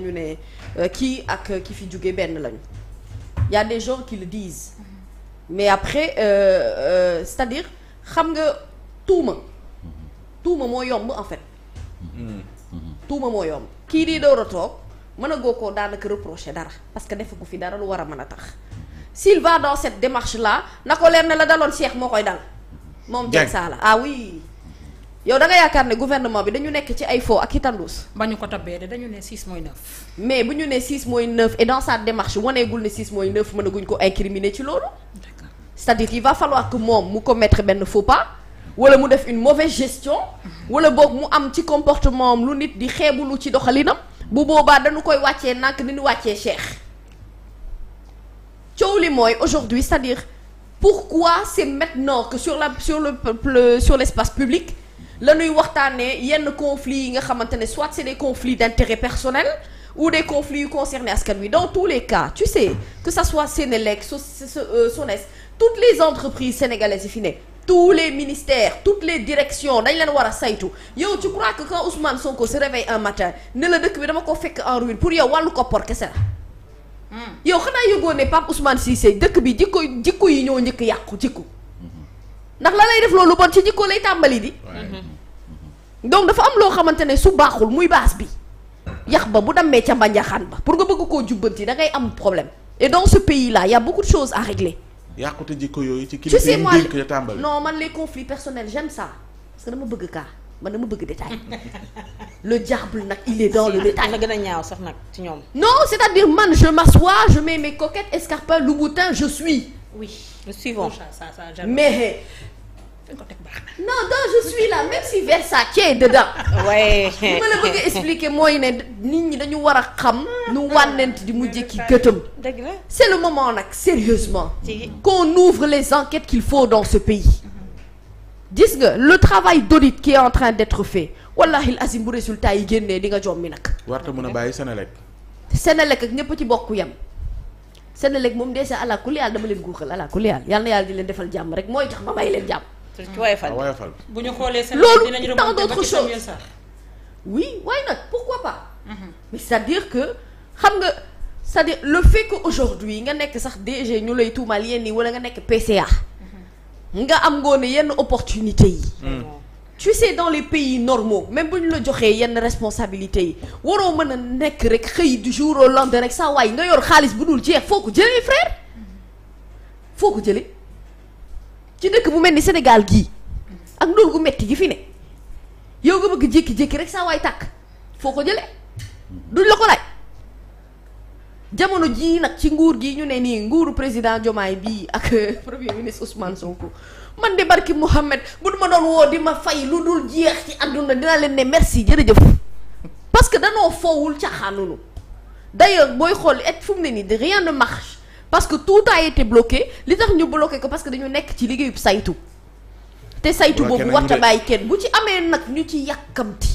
ñu ne euh, kii ak euh, ki fi jóge benn lañu y a des gens qui le mm-hmm. mais après euh, euh, c'est-à-dire xam nga tuuma mm-hmm. tuuma moo yomb en fait mm-hmm. tuuma moo yomb kii di door a toog mën a goo koo daanaka reprocher dara parce que defe ko fi dara lu war a mën a tax s'il va dans cette démarche là na ko leer ne la daloon Cheikh moo koy dal moom jeg saa ah yow da yaakaar ne gouvernement bi dañu nekk ci ay foo ak i tandus. ba ñu ko tabbee de dañu ne 6 mooy mais bu ñu ne 6 mooy 9 et dans sa démarche waneegul ne 6 mooy 9 mënaguñ ko incriminer ci loolu. sa c'est-à-dire il va falloir que moom mu ko commettre benn faux pas. wala mu def une mauvaise gestion. wala boog mu am ci comportement am lu nit di lu ci doxalinam. bu boobaa dañu koy wàccee nàkk ni ñu wàccee Cheikh coow li mooy aujourd'hui sa à dire pourquoi c'est maintenant que sur la sur le sur l'espace public. la ñuy waxtaanee yenn conflits yi nga xamante ne soit c'est des conflits d'intérêt personnel ou des conflits yu concernés askan wi dans tous les cas tu sais que ça soit Sénélec so euh, SONES toutes les entreprises sénégalaises yi fi ne tous les ministères toutes les directions dañ leen war a saytu yow tu crois que quand Ousmane Sonko se réveille un matin ne la dëkk bi dama ko fekk en ruine pour yow wàllu koppar kese la hmm. yow xanaa yëgoo ne Pape si Cissé dëkk bi jikko jikko yi ñoo njëkk yàqu jikko hmm. ndax la lay def loolu bon ci jikko lay tàmbali di hmm. donc dafa am loo xamante ne su baaxul muy baas bi yax ba bu dammee ca mbanjaxaan ba pour nga bëgg koo jubbanti da ngay am problème et dans ce pays là y a beaucoup de choses à régler. yàqute jikko yooyu ci kilifa yi dénk ya tàmbali non man les conflits personnels j'aime ça parce que dama bëgg kaa man dama bëgg détail le diable nag il est dans le détail la gën ñaaw sax nag ci ñoom non c'est-à-dire man je m'assois je mets mes coquettes escarpins Louboutin je suis oui le suivant mais non donc je suis là même si Versace est dedans. waaye. li ma la bëgg expliquer mooy ne nit ñi dañu war a xam. nu wànnent di mujjee ki gëtëm. dëgg la c'est le moment nag sérieusement qu'on ouvre les enquêtes qu'il faut dans ce pays. gis nga le travail d'audit qui est en train d'être fait wallahi azim bu résultat yi génnee di nga jommi nag. warta mun a bàyyi Sénélec. Sénélec ak ñëpp ci bokk yam Sénélec moom dèjà allah kulli yàlla dama leen guuxal allah yàlla yàlla di leen defal jàmm rek mooy tax ma may leen woyofal ah, woyofal bu ñu xoolee seen loolu dinañu tant d'autres choses oui why not pourquoi pas mhm. mais c'est-à-dire que xam nga c'est-à-dire le fait que aujourd'hui nga nekk sax DG ñu lay tuumaal yenn yi wala nga nekk PCA mhm. nga am ngoone yenn opportunité yi mhm. mm. tu sais dans les pays normaux même bu ñu la joxee yenn responsabilité yi waroo mën a nekk rek xëy du jour au lendemain rek saa waay nga yor xaalis bu dul jeex foo ko jëlee frère foo ko jëlee ci dëkk bu mel ni Sénégal gi ak ndóol gu metti gi fi ne yow nga bëgg jékki-jékki rek saa waay takk foo ko jële duñ la ko laaj jamono jii nag ci nguur gi ñu ne nii nguuru président Diomaye bii ak premier ministre Ousmane Sonko man de barki Mouhamed bu du ma doon woo di ma fay lu dul jeex ci àdduna dina leen ne merci jërëjëf parce que danoo foowul caaxaanunu d'ailleurs booy xool et fu mu ne nii rien ne marche parce que tout a été bloqué li tax ñu bloqué ko parce que dañu nekk ci liggéeyub saytu te saytu boobu war ta bàyyi kenn bu ci amee nag ñu ci yàkkamti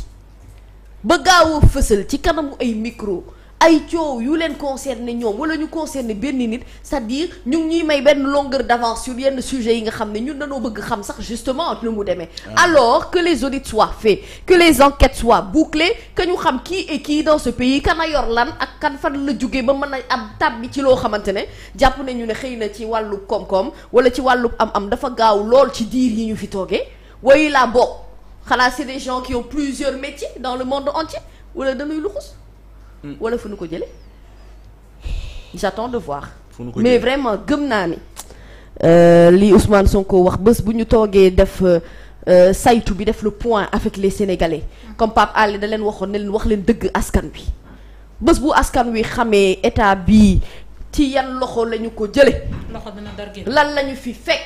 ba gaaw a fësal ci kanamu ay micro ay coow yu leen concerné ñoom wala ñu concerné benn nit c'est-à-dire ñu ngi ñuy may benn longueur d'avance sur yenn sujets yi nga xam ne ñun dañoo bëgg xam sax justement lu mu demee ah. alors que les audits soient faits que les enquêtes soient bouclées que ñu xam kii et kii dans ce pays kan yor lan ak kan fan la jógee ba mën a am tab ci loo xamante ne jàpp nañu ne xëy na ci wàllu koom-koom wala ci wàllu am-am dafa gaaw lool ci diir yi ñu fi toogee wayu laa bokk xanaa c'est des gens qui ont plusieurs métiers dans le monde entier wala dañuy luxus Mm. wala fu nu ko jële j'attends de voir mais vraiment gëm naa ni euh, li Ousmane ko wax bës bu ñu toogee def euh, euh, saytu bi def le point avec les Sénégalais comme Pape àll da leen waxoon ne leen wax leen dëgg askan wi bës bu askan wi xamee état bi ci yan loxo lañu ko jële loxo dina dargé lan lañu fi fekk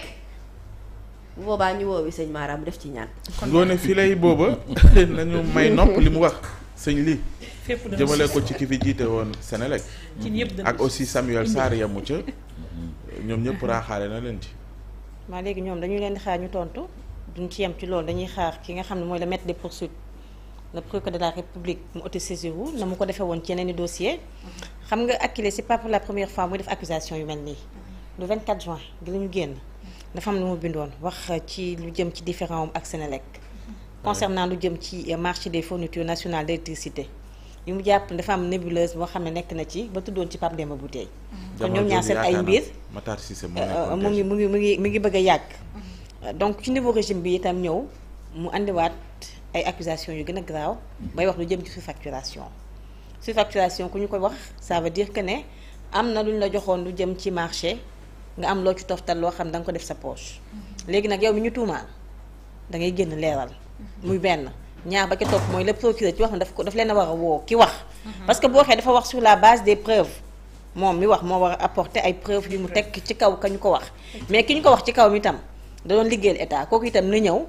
boobaa ñu woowi sëñ Maaraam def ci ñaan ngoone fi booba nañu may nopp li mu wax sëñ li jëmale ko ci ki fi jiite woon Sénélec ak aussi Samuel Sarr yamu ca ñoom ñëpp raaxaale na leen ci maa léegi ñoom dañuy leen di xaar ñu tontu duñ ci yem ci loolu dañuy xaar ki nga xam ne mooy le maître des poursuites le procureur de la république mu autosaisir wu na mu ko defee woon ci yeneen i dossier xam nga acculé c'est pas pour la première fois muy def accusation yu mel nii le 24 juin gi la ñu génn dafa am lu mu bindoon wax ci lu jëm ci différent am ak Sénélec concernant lu jëm ci euh, marché des fournitures nationales d'électricité yi mu jàpp dafa am nébuleuse boo xam ne nekk na ci ba tuddoon ci Pape bu Bouteille mhm. kon ñoom ñaar seen ay mbir euh, euh, mu ngi mu ngi mu ngi mu ngi bëgg a yàgg mhm. donc ci niveau régime bi itam ñëw mu indiwaat ay accusations yu gën a graaw bay wax lu jëm ci surfacturation surfacturation ku ñu ko wax ça veut dire que ne am na lu ñu la joxoon lu jëm ci marché nga am loo ci toftal loo xam da nga ko def sa poche mhm. léegi nag yow mi ñu tuumaal da ngay génn leeral muy benn ñaar ba ca topp mooy le procureur ci wax na daf ko daf leen a war a woo ki wax. parce que boo waxee dafa wax sur la base de preuves moom mi wax moo war a apporter ay preuves yu mu tekk ci kaw ka ñu ko wax. mais ki ñu ko wax ci kaw mi tam da doon liggéeyal kooku itam na ñëw.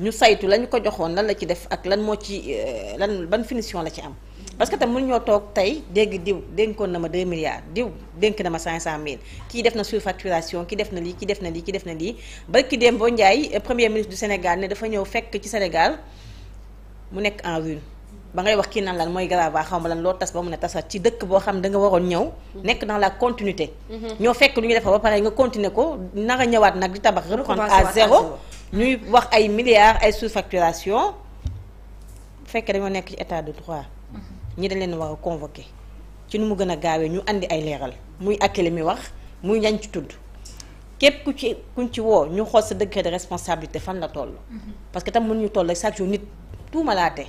ñu saytu la ñu ko joxoon lan la ci def ak lan moo ci euh, lan ban finition la ci am. parce que tam mun ñoo toog tey dégg diw dénkoon na ma 2 milliards diw dénk na ma 500000 kii def na surfacturation ki def na lii kii def na lii kii def na lii barki Dembo Ndiaye euh, premier ministre du Sénégal ne dafa ñëw fekk ci Sénégal mu nekk en rune ba ngay wax kii naan lan mooy grava xaw ma lan loo tas ba mun a tasat ci dëkk boo xam danga nga waroon ñëw nekk dans la continuité mhm. ñoo fekk lu ñu defar ba pare nga continuer ko nara ñëwaat nag di tabax reprendre à zéro ñuy wax ay milliards ay surfacturation fekkee dañoo nekk ci état de droit ñi dañ leen war a convoqué ci nu mu gën a gaawee ñu andi ay leeral muy akkile mi wax muy ñañ ci tudd képp ku ci kuñ ci woo ñu xool sa degré de responsabilité fan la toll. Mhm. parce que tam ñu toll rek chaque jour nit tuumalaate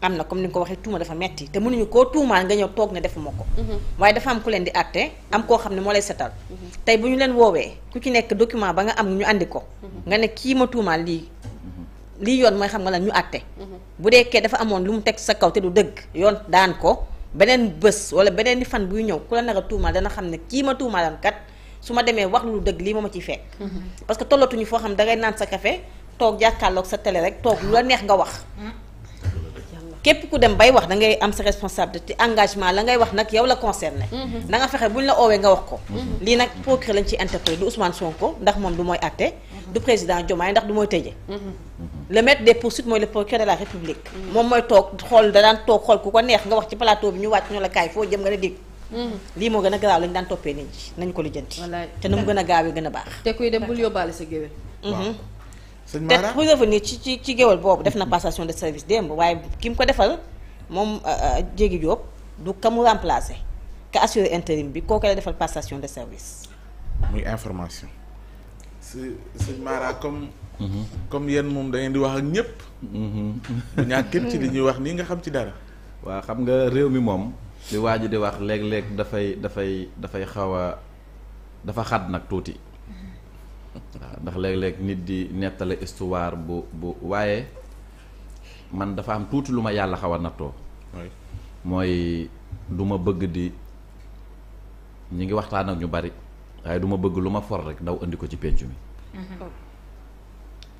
am na comme ni ko waxee tuuma dafa metti te mënuñu koo tuumaal nga ñëw toog ne defuma ko. Mhm. waaye dafa am ku leen di àtte am koo xam ne moo lay setal. Mhm. tey bu ñu leen woowee ku ci nekk document ba nga am ñu andi ko. nga ne kii ma tuumaal lii. lii yoon mooy xam nga la ñu àtte bu deekee dafa amoon lu mu teg sa kaw te du dëgg yoon daan ko beneen bés wala beneen fan buy ñëw ku la nar a tuumaal dana xam ne kii ma tuumaaloon kat ma demee wax lu dëgg lii ma ma ciy fekk parce que tollatuñu foo xam dangay naan sa café toog jàkkaarloog sa tele rek toog lu la neex nga wax képp ku dem bay wax da ngay am sa responsabilité engagement la ngay wax nag yow la concerné na nga fexe buñ la oowee nga wax ko lii nag procureur lañ ciy interpellé du Ousmane Sonko ndax moom du mooy àtte du président Diomaye ndax du mooy tëje le maître des poursuites mooy le procureur de la république. moom mooy toog xool da daan toog xool ku ko neex nga wax ci plateau bi ñu wàcc ñu la kaay foo jëm nga ne dégg. Mm-hmm. lii moo gën a garaaw lañu daan toppee nit ñi nañu ko lijjanti. te na mu gën a gaawee gën a baax. te kuy dem bul yóbbaale sa géwél. Mm-hmm. sëñ Mara te pour revenir ci ci ci géwél boobu def na passation de service démb waaye ki mu ko defal moom euh, euh, Jéegi Diop du ka mu remplacer ka assuré intérim bi kooku la defal passation de service. muy information. sëñ Mara comme. comme yéen moom da di wax ak ñëpp. bu ñàkk ci li ñuy wax nii nga xam ci dara. waa xam nga réew mi moom. li waa ji di wax léeg-léeg dafay dafay dafay xaw a dafa xat nag tuuti. waaw ndax léeg-léeg nit di nettale histoire bu bu waaye man dafa am tuuti lu ma yàlla xaw a nattoo. mooy du bëgg di ñu ngi waxtaan ak ñu bari. waaye duma bëgg lu ma for rek ndaw andi ko ci penc mi.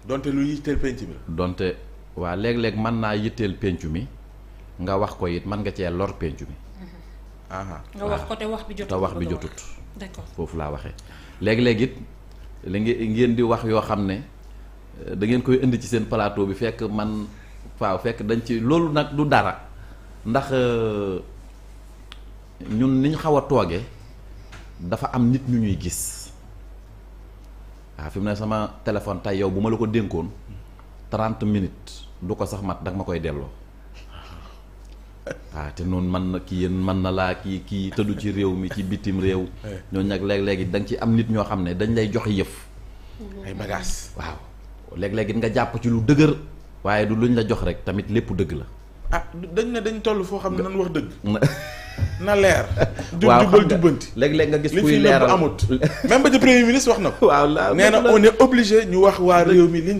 donte lu yitteel penc mi. donte waa léeg-léeg mën naa yitteel penc mi nga wax ko it man nga cee lor penc mi. nga wax ko te wax bi jotut te wax bi jotut. d'accord foofu laa waxee. léeg-léeg it li ngeen di wax yoo xam ne eh, dangeen koy indi ci seen plateau bi fekk man waaw fekk dañ ci loolu nag du dara ndax eh, ñun niñ xaw a toogee. dafa am nit ñu ñuy gis waaw fi mu ne sama téléphone tey yow bu ma la ko dénkoon trente minutes du ko sax mat danga ma koy delloo waaw te noonu mën na kii yéen mën na laa kii kii tëddu ci réew mi ci bitim réew ñooñu nag léeg-léegi da nga ci am nit ñoo xam ne dañ lay jox yëf ay bagages waaw léeg-léeg nga jàpp ci lu dëgër waaye du luñ la jox rek tamit lépp dëgg la ah dañ ne dañ toll foo xam ne nan wax dëgg na leer. waaw jubal jubbanti léeg-léeg nga gis kuy leeral li fi wax na ko. waaw nee na on est obligé ñu wax waa réew mi liñ